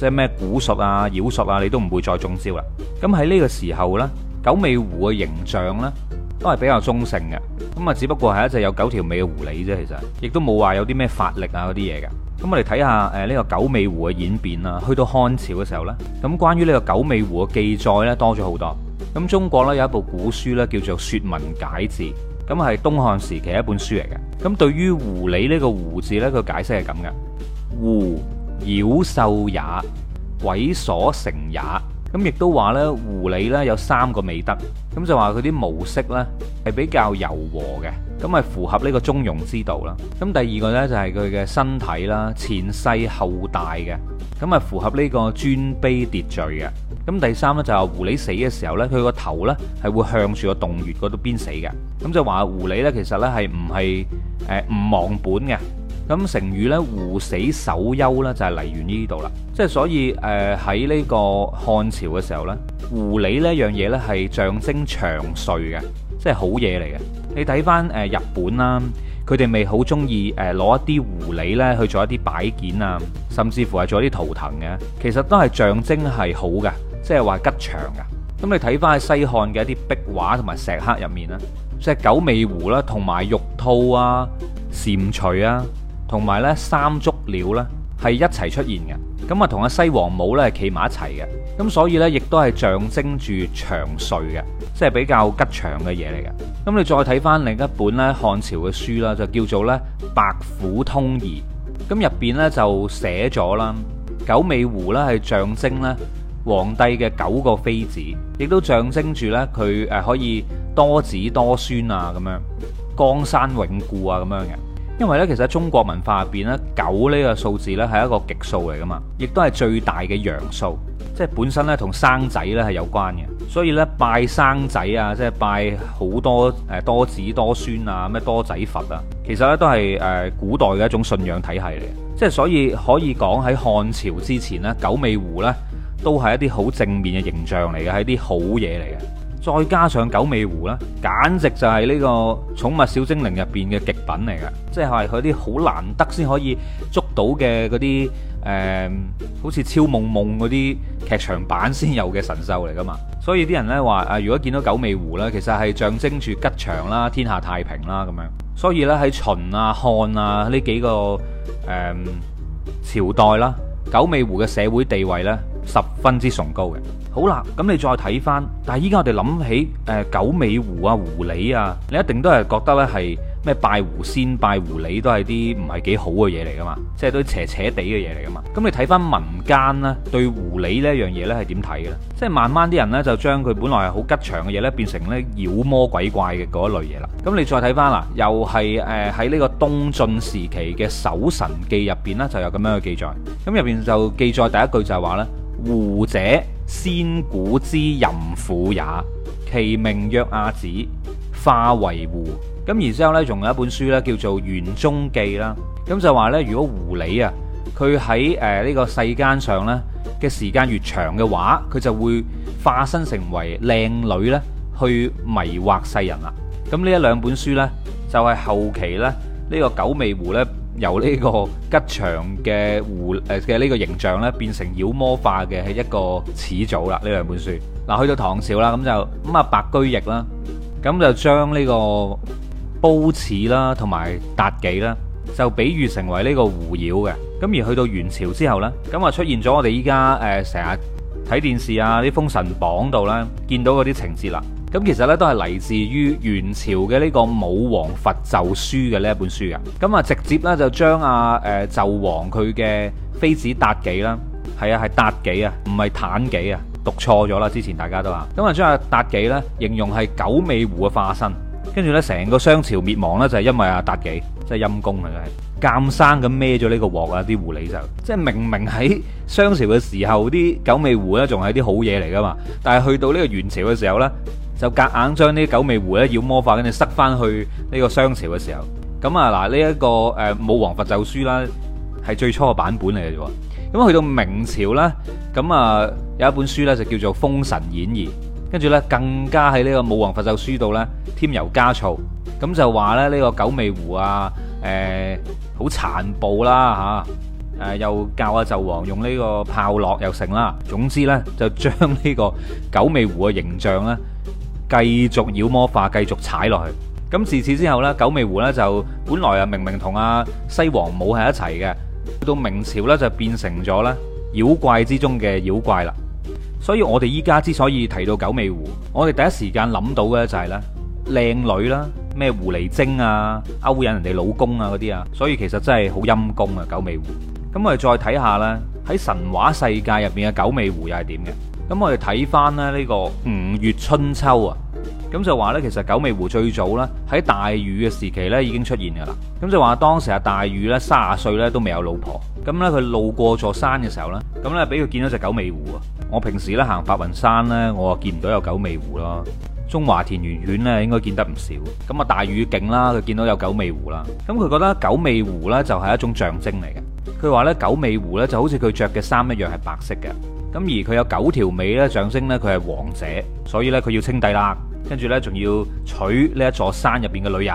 即係咩古術啊、妖術啊，你都唔會再中招啦。咁喺呢個時候呢，九尾狐嘅形象呢都係比較中性嘅。咁啊，只不過係一隻有九條尾嘅狐狸啫，其實亦都冇話有啲咩法力啊嗰啲嘢嘅。咁我哋睇下誒呢、呃這個九尾狐嘅演變啦。去到漢朝嘅時候呢，咁關於呢個九尾狐嘅記載呢，多咗好多。咁中國呢，有一部古書呢，叫做《説文解字》，咁係東漢時期一本書嚟嘅。咁對於狐狸呢、這個狐字呢，佢解釋係咁嘅狐。妖獸也，鬼所成也。咁亦都話呢，狐狸呢有三個美德。咁就話佢啲毛色呢係比較柔和嘅，咁咪符合呢個中庸之道啦。咁第二個呢，就係佢嘅身體啦，前細後大嘅，咁咪符合呢個尊卑秩序嘅。咁第三呢、就是，就係狐狸死嘅時候呢，佢個頭呢係會向住個洞穴嗰度邊死嘅。咁就話狐狸呢，其實呢係唔係誒唔忘本嘅。咁成語咧，狐死首丘咧，就係、是、嚟源於呢度啦。即係所以誒，喺、呃、呢個漢朝嘅時候咧，狐狸呢一樣嘢咧係象徵長壽嘅，即係好嘢嚟嘅。你睇翻誒日本啦，佢哋咪好中意誒攞一啲狐狸咧去做一啲擺件啊，甚至乎係做一啲圖騰嘅。其實都係象徵係好嘅，即係話吉祥㗎。咁、嗯、你睇翻西漢嘅一啲壁畫同埋石刻入面咧，即係九尾狐啦，同埋玉兔啊、蟾蜍啊，同埋咧三足鳥咧係一齊出現嘅，咁啊同阿西王母咧係企埋一齊嘅，咁所以咧亦都係象徵住長瑞嘅，即係比較吉祥嘅嘢嚟嘅。咁你再睇返另一本咧漢朝嘅書啦，就叫做咧《白虎通義》，咁入邊咧就寫咗啦九尾狐咧係象徵咧皇帝嘅九個妃子，亦都象徵住咧佢誒可以多子多孫啊咁樣，江山永固啊咁樣嘅。因為咧，其實中國文化入邊咧，九呢個數字咧係一個極數嚟噶嘛，亦都係最大嘅陽數，即係本身咧同生仔咧係有關嘅，所以咧拜生仔啊，即係拜好多誒多子多孫啊，咩多仔佛啊，其實咧都係誒古代嘅一種信仰體系嚟嘅。即係所以可以講喺漢朝之前咧，九尾狐咧都係一啲好正面嘅形象嚟嘅，係一啲好嘢嚟嘅。再加上九尾狐啦，簡直就係呢個《寵物小精靈》入邊嘅極品嚟嘅，即係佢啲好難得先可以捉到嘅嗰啲誒，好似《超夢夢》嗰啲劇場版先有嘅神獸嚟噶嘛。所以啲人呢話啊，如果見到九尾狐呢，其實係象徵住吉祥啦、天下太平啦咁樣。所以呢，喺秦啊、漢啊呢幾個誒、呃、朝代啦，九尾狐嘅社會地位呢，十分之崇高嘅。好啦，咁你再睇翻，但係依家我哋諗起誒、呃、九尾狐啊、狐狸啊，你一定都係覺得咧係咩拜狐仙、拜狐狸都係啲唔係幾好嘅嘢嚟噶嘛，即係都邪邪地嘅嘢嚟噶嘛。咁你睇翻民間呢對狐狸呢一樣嘢呢係點睇嘅咧？即係慢慢啲人呢就將佢本來係好吉祥嘅嘢呢變成呢妖魔鬼怪嘅嗰一類嘢啦。咁你再睇翻啦，又係誒喺呢個東晉時期嘅《搜神記》入邊呢就有咁樣嘅記載。咁入邊就記載第一句就係話呢。狐者，先古之淫婦也，其名曰阿紫，化為狐。咁然之後呢，仲有一本書呢，叫做《玄中記》啦。咁、嗯、就話呢，如果狐狸啊，佢喺誒呢個世間上呢嘅時間越長嘅話，佢就會化身成為靚女呢，去迷惑世人啦。咁、嗯、呢一兩本書呢，就係、是、後期呢，呢、這個九尾狐呢。由呢個吉祥嘅狐誒嘅呢個形象咧，變成妖魔化嘅係一個始祖啦。呢兩本書嗱、啊，去到唐朝啦，咁就咁啊、嗯，白居易啦，咁就將呢個褒姒啦，同埋妲己啦，就比喻成為呢個狐妖嘅。咁而去到元朝之後呢，咁啊出現咗我哋依家誒成日睇電視啊啲《封神榜》度咧見到嗰啲情節啦。咁其實咧都係嚟自於元朝嘅呢個《武王伐紂書》嘅呢一本書噶，咁啊直接咧就將阿誒紂王佢嘅妃子妲己啦，係啊係妲己啊，唔係坦己啊，讀錯咗啦，之前大家都話，咁啊將阿妲己咧形容係九尾狐嘅化身，跟住咧成個商朝滅亡咧就係因為阿妲己，真係陰功啊真係，鑑生咁孭咗呢個鑊啊啲狐狸就，即係明明喺商朝嘅時候啲九尾狐咧仲係啲好嘢嚟噶嘛，但係去到呢個元朝嘅時候咧。就夾硬將呢九尾狐咧妖魔化，跟住塞翻去呢個商朝嘅時候咁啊嗱。呢、這、一個誒《武王伐紂書》啦，係最初嘅版本嚟嘅啫。咁去到明朝啦，咁啊有一本書咧就叫做《封神演義》，跟住咧更加喺呢個《武王伐紂書》度咧添油加醋，咁就話咧呢個九尾狐啊誒好殘暴啦嚇誒，又教阿紂王用呢個炮烙又成啦。總之咧就將呢個九尾狐嘅形象咧。繼續妖魔化，繼續踩落去。咁自此之後咧，九尾狐咧就本來啊明明同阿、啊、西王母喺一齊嘅，到明朝咧就變成咗咧妖怪之中嘅妖怪啦。所以我哋依家之所以提到九尾狐，我哋第一時間諗到嘅就係咧靚女啦，咩狐狸精啊勾引人哋老公啊嗰啲啊，所以其實真係好陰功啊九尾狐。咁我哋再睇下咧喺神話世界入邊嘅九尾狐又係點嘅？咁我哋睇翻咧呢個吳越春秋啊，咁就話呢，其實九尾狐最早呢喺大禹嘅時期呢已經出現噶啦。咁就話當時啊大禹三十歲呢都未有老婆，咁呢，佢路過座山嘅時候呢，咁呢俾佢見到隻九尾狐啊。我平時呢行白雲山呢，我見唔到有九尾狐咯。中華田園犬呢應該見得唔少。咁啊大禹勁啦，佢見到有九尾狐啦。咁佢覺得九尾狐呢就係一種象徵嚟嘅。佢話呢，九尾狐呢就好似佢着嘅衫一樣係白色嘅。咁而佢有九條尾咧，象徵咧佢係王者，所以咧佢要稱帝啦。跟住咧，仲要娶呢一座山入邊嘅女人。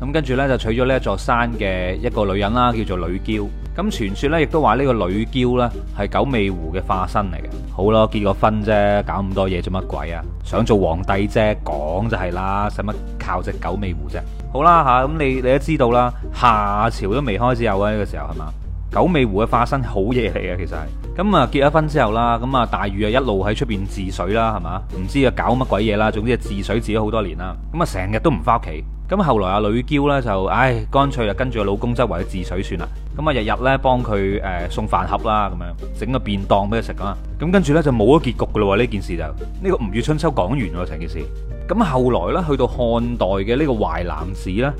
咁跟住咧就娶咗呢一座山嘅一個女人啦，叫做女嬌。咁傳說咧亦都話呢個女嬌咧係九尾狐嘅化身嚟嘅。好咯，結個婚啫，搞咁多嘢做乜鬼啊？想做皇帝啫，講就係啦，使乜靠隻九尾狐啫？好啦吓，咁你你都知道啦，夏朝都未開始有啊呢個時候係嘛？九尾狐嘅化身好嘢嚟嘅，其實係。咁啊，結咗婚之後啦，咁啊，大禹啊，一路喺出邊治水啦，係嘛？唔知啊，搞乜鬼嘢啦，總之係，治水治咗好多年啦，咁啊，成日都唔翻屋企，咁後來啊，女嬌咧就唉，乾脆就跟住個老公周圍去治水算啦，咁啊，日日咧幫佢誒送飯盒啦，咁樣整個便當俾佢食啊，咁跟住咧就冇咗結局噶啦，呢件事就呢個吳越春秋講完啊，成件事，咁後來咧去到漢代嘅呢個淮南子咧。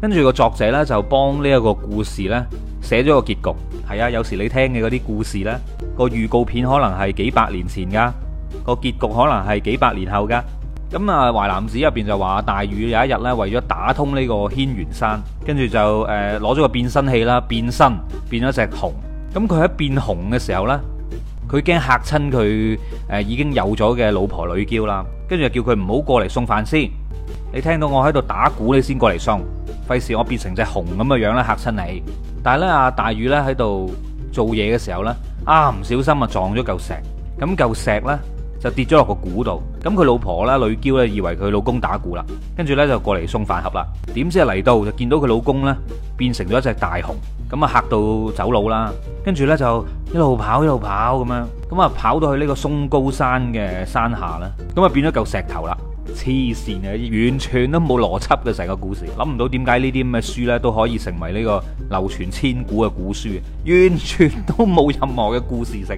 跟住個作者呢，就幫呢一個故事呢寫咗個結局。係啊，有時你聽嘅嗰啲故事呢，個預告片可能係幾百年前㗎，個結局可能係幾百年後㗎。咁啊，《淮南子》入邊就話大禹有一日呢為咗打通呢個軒轅山，跟住就誒攞咗個變身器啦，變身變咗隻熊。咁佢喺變熊嘅時候呢。佢驚嚇親佢誒已經有咗嘅老婆女嬌啦，跟住就叫佢唔好過嚟送飯先。你聽到我喺度打鼓，你先過嚟送，費事我變成隻熊咁嘅樣咧，嚇親你。但係咧，阿、啊、大魚咧喺度做嘢嘅時候咧，啊唔小心啊撞咗嚿石，咁嚿石咧。就跌咗落個鼓度，咁佢老婆啦，女嬌咧，以為佢老公打鼓啦，跟住咧就過嚟送飯盒啦，點知嚟到就見到佢老公咧變成咗一隻大熊，咁啊吓到走佬啦，跟住咧就一路跑一路跑咁樣，咁啊跑到去呢個松高山嘅山下啦，咁啊變咗嚿石頭啦。黐線啊！完全都冇邏輯嘅成個故事，諗唔到點解呢啲咁嘅書咧都可以成為呢個流傳千古嘅古書啊！完全都冇任何嘅故事性，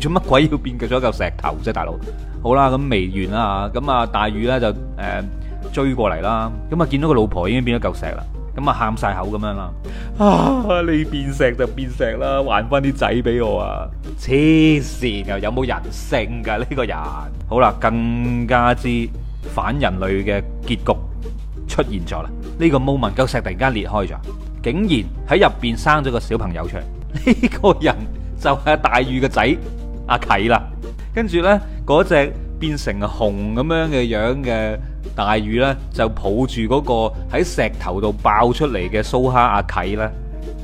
做乜鬼要變佢咗一嚿石頭啫，大佬！好啦，咁未完啦，咁啊大禹咧就誒、呃、追過嚟啦，咁啊見到個老婆已經變咗嚿石啦，咁啊喊晒口咁樣啦，啊你變石就變石啦，還翻啲仔俾我啊！黐線嘅，有冇人性㗎呢、呢個人？好啦，更加之。反人類嘅結局出現咗啦！呢、呢個 moment 嚿石突然間裂開咗，竟然喺入邊生咗個小朋友出嚟。呢、呢個人就係大禹嘅仔阿啟啦。跟住呢，嗰隻變成熊咁樣嘅樣嘅大禹呢，就抱住嗰個喺石頭度爆出嚟嘅蘇蝦阿啟呢，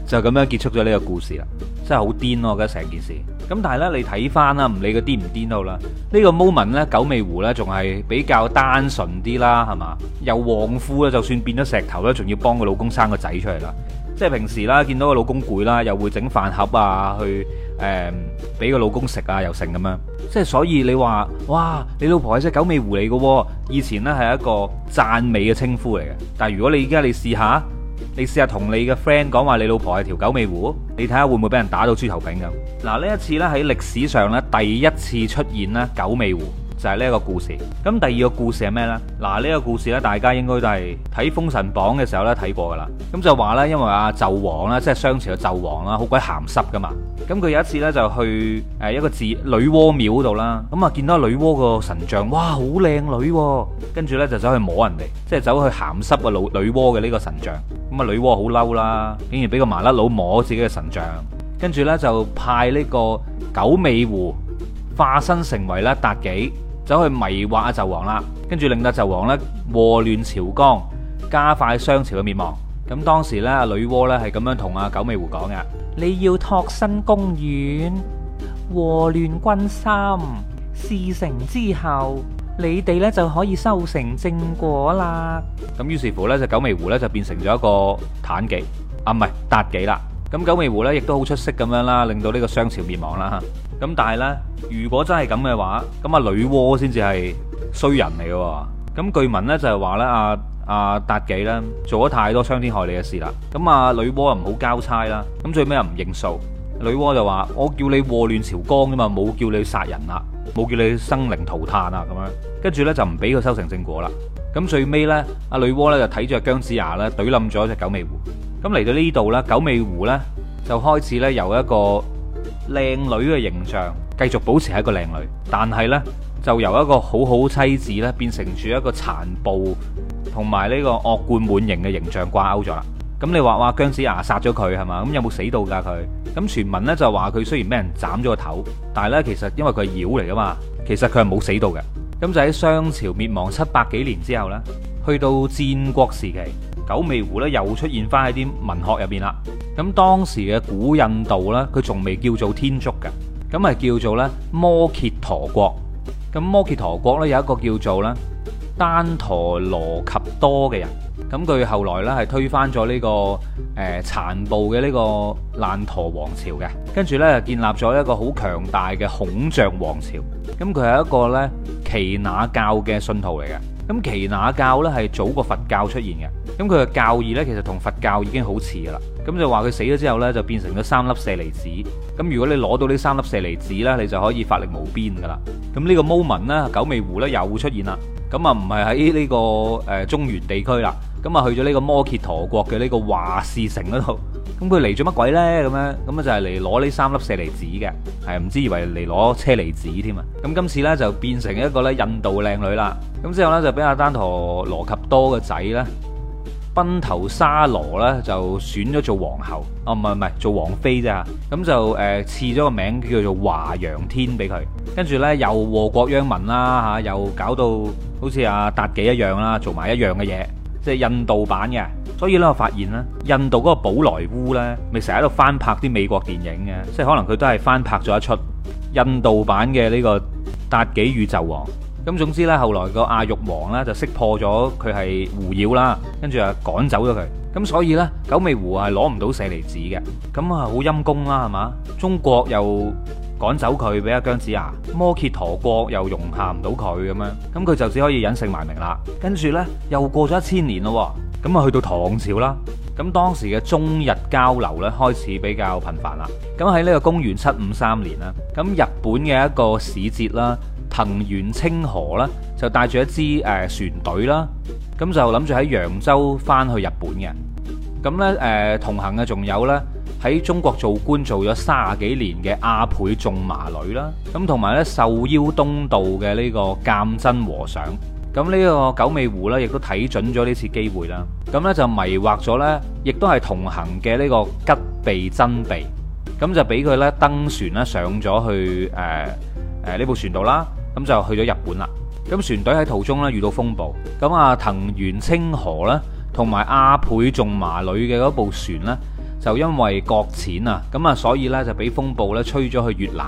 就咁樣結束咗呢個故事啦。真係好癲咯！我覺得成件事。咁但係呢，你睇翻啦，唔理佢癲唔癲都好啦，呢個 moment 咧，九尾狐呢，仲係比較單純啲啦，係嘛？又旺夫啦，就算變咗石頭呢，仲要幫個老公生個仔出嚟啦。即係平時啦，見到個老公攰啦，又會整飯盒啊，去誒俾個老公食啊，又成咁樣。即係所以你話，哇，你老婆係隻九尾狐嚟嘅喎，以前呢係一個讚美嘅稱呼嚟嘅。但係如果你而家你試下。你試下同你嘅 friend 講話，你老婆係條九尾狐，你睇下會唔會俾人打到豬頭炳咁？嗱，呢一次咧喺歷史上咧第一次出現咧九尾狐。就係呢一個故事。咁第二個故事係咩呢？嗱，呢個故事呢，大家應該都係睇《封神榜》嘅時候咧睇過噶啦。咁就話呢，因為阿紂王呢，即係商朝嘅紂王啦，好鬼鹹濕噶嘛。咁佢有一次呢，就去誒一個字女媧廟嗰度啦。咁啊見到女媧個神像，哇好靚女，跟住呢，就走去摸人哋，即係走去鹹濕個老女媧嘅呢個神像。咁啊女媧好嬲啦，竟然俾個麻甩佬摸自己嘅神像，跟住呢，就派呢個九尾狐化身成為咧妲己。走去迷惑阿紂王啦，跟住令阿紂王咧禍亂朝綱，加快商朝嘅滅亡。咁當時咧，女媧咧係咁樣同阿九尾狐講嘅：你要託身宮院，禍亂君心，事成之後，你哋咧就可以修成正果啦。咁於是乎咧，就九尾狐咧就變成咗一個坦己，啊唔係妲己啦。咁九尾狐咧亦都好出色咁樣啦，令到呢個商朝滅亡啦。咁但係咧，如果真係咁嘅話，咁阿女媧先至係衰人嚟嘅。咁據聞咧就係話咧，阿阿妲己咧做咗太多傷天害理嘅事啦。咁阿女媧又唔好交差啦。咁最尾又唔認數，女媧就話我叫你禍亂朝綱啫嘛，冇叫你殺人啊，冇叫你生靈塗炭啊咁樣。跟住咧就唔俾佢修成正果啦。咁最尾咧，阿女媧咧就睇住姜子牙咧懟冧咗隻九尾狐。咁嚟到呢度咧，九尾狐咧就開始咧由一個。靚女嘅形象繼續保持係一個靚女，但係呢，就由一個好好妻子咧變成住一個殘暴同埋呢個惡貫滿盈嘅形象掛鈎咗啦。咁、嗯、你話話姜子牙殺咗佢係嘛？咁、嗯、有冇死到噶佢？咁、嗯、傳聞呢就話佢雖然俾人斬咗個頭，但係呢，其實因為佢係妖嚟噶嘛，其實佢係冇死到嘅。咁、嗯、就喺商朝滅亡七百幾年之後呢，去到戰國時期，九尾狐呢又出現翻喺啲文學入邊啦。咁當時嘅古印度呢，佢仲未叫做天竺嘅，咁咪叫做呢摩羯陀國。咁摩羯陀國呢，有一個叫做呢丹陀羅及多嘅人，咁佢後來呢，係推翻咗呢個誒殘暴嘅呢個難陀王朝嘅，跟住呢建立咗一個好強大嘅孔雀王朝。咁佢係一個呢耆那教嘅信徒嚟嘅。咁耆那教呢，係早過佛教出現嘅，咁佢嘅教義呢，其實同佛教已經好似噶啦，咁就話、是、佢死咗之後呢，就變成咗三粒舍利子，咁如果你攞到呢三粒舍利子呢，你就可以法力無邊噶啦，咁呢個 moment 呢，九尾狐呢又出現啦，咁啊唔係喺呢個誒中原地區啦。咁啊，去咗呢個摩羯陀國嘅呢個華氏城嗰度，咁佢嚟咗乜鬼咧？咁樣咁啊，就係嚟攞呢三粒舍利子嘅，係唔知以為嚟攞車釐子添啊！咁今次咧就變成一個咧印度靚女啦。咁之後咧就俾阿丹陀羅及多嘅仔咧，賓頭沙羅咧就選咗做皇后，哦唔係唔係做王妃啫。咁就誒賜咗個名叫做華陽天俾佢，跟住咧又禍國殃民啦嚇，又搞到好似阿妲己一樣啦，做埋一樣嘅嘢。即係印度版嘅，所以咧我發現咧，印度嗰個寶萊塢咧，咪成日喺度翻拍啲美國電影嘅，即係可能佢都係翻拍咗一出印度版嘅呢個妲己宇宙王。咁總之呢，後來個阿玉王呢，就識破咗佢係狐妖啦，跟住啊趕走咗佢。咁所以呢，九尾狐係攞唔到舍利子嘅，咁啊好陰功啦，係嘛？中國又～趕走佢，俾阿姜子牙摩羯陀國又容下唔到佢咁樣，咁佢就只可以隱姓埋名啦。跟住咧，又過咗一千年咯，咁啊去到唐朝啦。咁當時嘅中日交流咧，開始比較頻繁啦。咁喺呢個公元七五三年啦，咁日本嘅一個使節啦，藤原清河啦，就帶住一支誒船隊啦，咁就諗住喺揚州翻去日本嘅。咁咧誒同行嘅仲有咧。喺中國做官做咗三十幾年嘅阿倍仲麻呂啦，咁同埋咧受邀東渡嘅呢個鑑真和尚，咁呢個九尾狐啦，亦都睇準咗呢次機會啦，咁咧就迷惑咗咧，亦都係同行嘅呢個吉備真備，咁就俾佢咧登船啦，上咗去誒誒呢部船度啦，咁就去咗日本啦。咁船隊喺途中咧遇到風暴，咁啊藤原清河啦，同埋阿倍仲麻呂嘅嗰部船咧。就因為擱淺啊，咁啊，所以呢，就俾風暴咧吹咗去越南，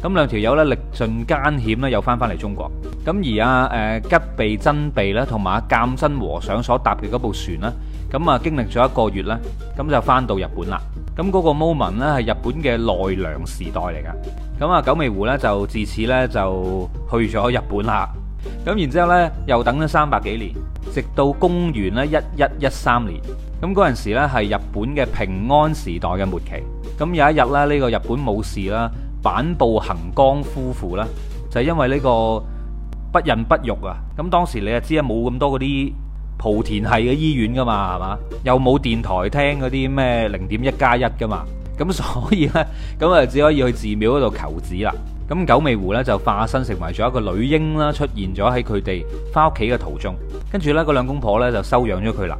咁兩條友呢，歷盡艱險呢，又翻翻嚟中國，咁而阿誒吉備真備呢，同埋阿鑑真和尚所搭嘅嗰部船呢，咁啊經歷咗一個月呢，咁就翻到日本啦，咁、那、嗰個 moment 呢，係日本嘅奈良時代嚟噶，咁啊九尾狐呢，就自此呢，就去咗日本啦，咁然之後呢，又等咗三百幾年，直到公元呢，一一一三年。咁嗰陣時咧，係日本嘅平安時代嘅末期。咁有一日咧，呢、呢個日本武士啦，坂部行綱夫婦啦，就係、因為呢個不孕不育啊。咁當時你就知啊，冇咁多嗰啲莆田系嘅醫院噶嘛，係嘛？又冇電台聽嗰啲咩零點一加一噶嘛。咁所以呢，咁啊只可以去寺廟嗰度求子啦。咁九尾狐呢，就化身成為咗一個女嬰啦，出現咗喺佢哋翻屋企嘅途中。跟住呢嗰兩公婆呢，就收養咗佢啦。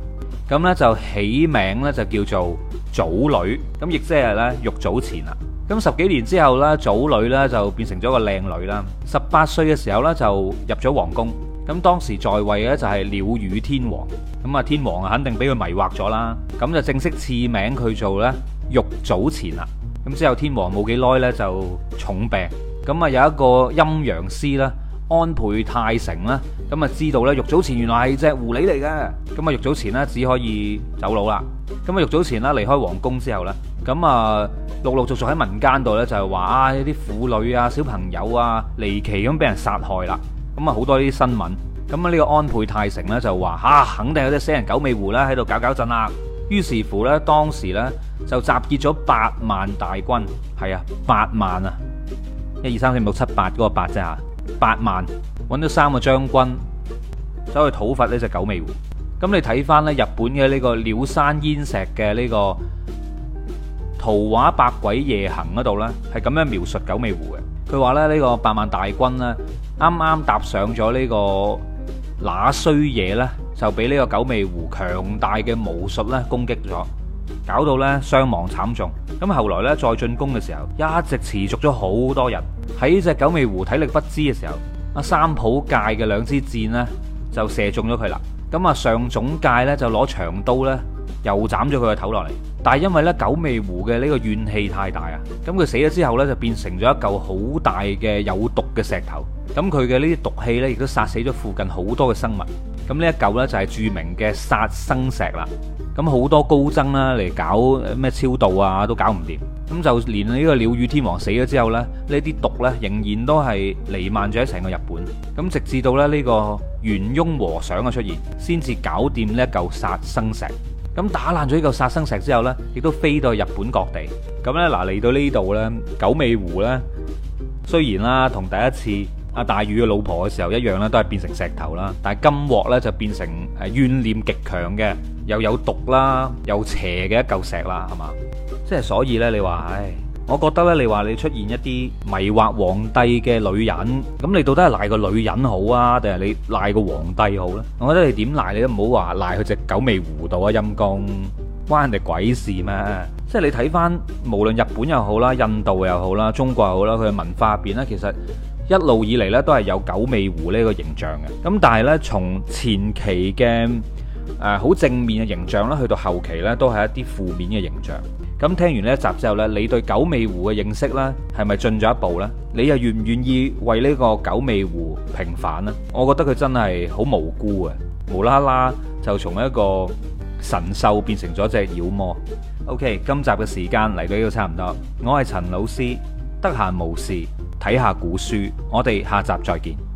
咁呢就起名呢，就叫做藻女，咁亦即係呢，玉藻前啦。咁十幾年之後呢，藻女呢就變成咗個靚女啦。十八歲嘅時候呢，就入咗皇宮，咁當時在位呢，就係鳥羽天皇，咁啊天皇啊肯定俾佢迷惑咗啦，咁就正式賜名佢做呢，玉藻前啦。咁之後天皇冇幾耐呢，就重病，咁啊有一個陰陽師啦。安倍泰成啦，咁啊知道咧，玉藻前原來係隻狐狸嚟嘅，咁啊玉藻前呢，只可以走佬啦。咁啊玉藻前呢，離開皇宮之後咧，咁啊陸陸續續喺民間度咧就係話啊呢啲婦女啊小朋友啊離奇咁俾人殺害啦，咁啊好多呢啲新聞。咁啊呢個安倍泰成咧就話啊，肯定有啲死人九尾狐啦喺度搞搞震啦。於是乎咧當時咧就集結咗八萬大軍，係啊八萬啊，一二三四五六七八嗰個八啫嚇。八萬揾到三個將軍，走去討伐呢隻九尾狐。咁你睇翻咧日本嘅呢個鳥山煙石嘅呢個圖畫《百鬼夜行》嗰度呢，係咁樣描述九尾狐嘅。佢話咧，呢個八萬大軍呢啱啱踏上咗呢個那衰嘢呢，就俾呢個九尾狐強大嘅武術呢攻擊咗。搞到呢傷亡慘重，咁後來呢，再進攻嘅時候，一直持續咗好多人喺隻九尾狐體力不支嘅時候，阿三浦界嘅兩支箭呢，就射中咗佢啦，咁啊上總界呢，就攞長刀呢。又斬咗佢個頭落嚟，但係因為咧九尾狐嘅呢個怨氣太大啊，咁佢死咗之後呢，就變成咗一嚿好大嘅有毒嘅石頭。咁佢嘅呢啲毒氣呢，亦都殺死咗附近好多嘅生物。咁呢一嚿呢，就係著名嘅殺生石啦。咁好多高僧啦嚟搞咩超度啊，都搞唔掂。咁就連呢個鳥羽天王死咗之後呢，呢啲毒呢，仍然都係瀰漫咗喺成個日本。咁直至到咧呢個元翁和尚嘅出現，先至搞掂呢一嚿殺生石。咁打爛咗呢嚿殺生石之後，呢亦都飛到日本各地。咁呢，嗱，嚟到呢度咧，九尾狐呢，雖然啦同第一次阿大禹嘅老婆嘅時候一樣咧，都係變成石頭啦，但係金鑊呢，就變成怨念極強嘅又有毒啦，又邪嘅一嚿石啦，係嘛？即係所以呢，你話唉。我覺得咧，你話你出現一啲迷惑皇帝嘅女人，咁你到底係賴個女人好啊，定係你賴個皇帝好咧？我覺得你點賴你都唔好話賴佢隻九尾狐度啊！陰公關人哋鬼事咩？即係你睇返，無論日本又好啦、印度又好啦、中國又好啦，佢嘅文化入邊咧，其實一路以嚟咧都係有九尾狐呢個形象嘅。咁但係呢，從前期嘅誒好正面嘅形象啦，去到後期呢，都係一啲負面嘅形象。咁聽完呢一集之後呢，你對九尾狐嘅認識呢，係咪進咗一步呢？你又願唔願意為呢個九尾狐平反呢？我覺得佢真係好無辜啊，無啦啦就從一個神獸變成咗隻妖魔。OK，今集嘅時間嚟到呢度差唔多，我係陳老師，得閒無事睇下古書，我哋下集再見。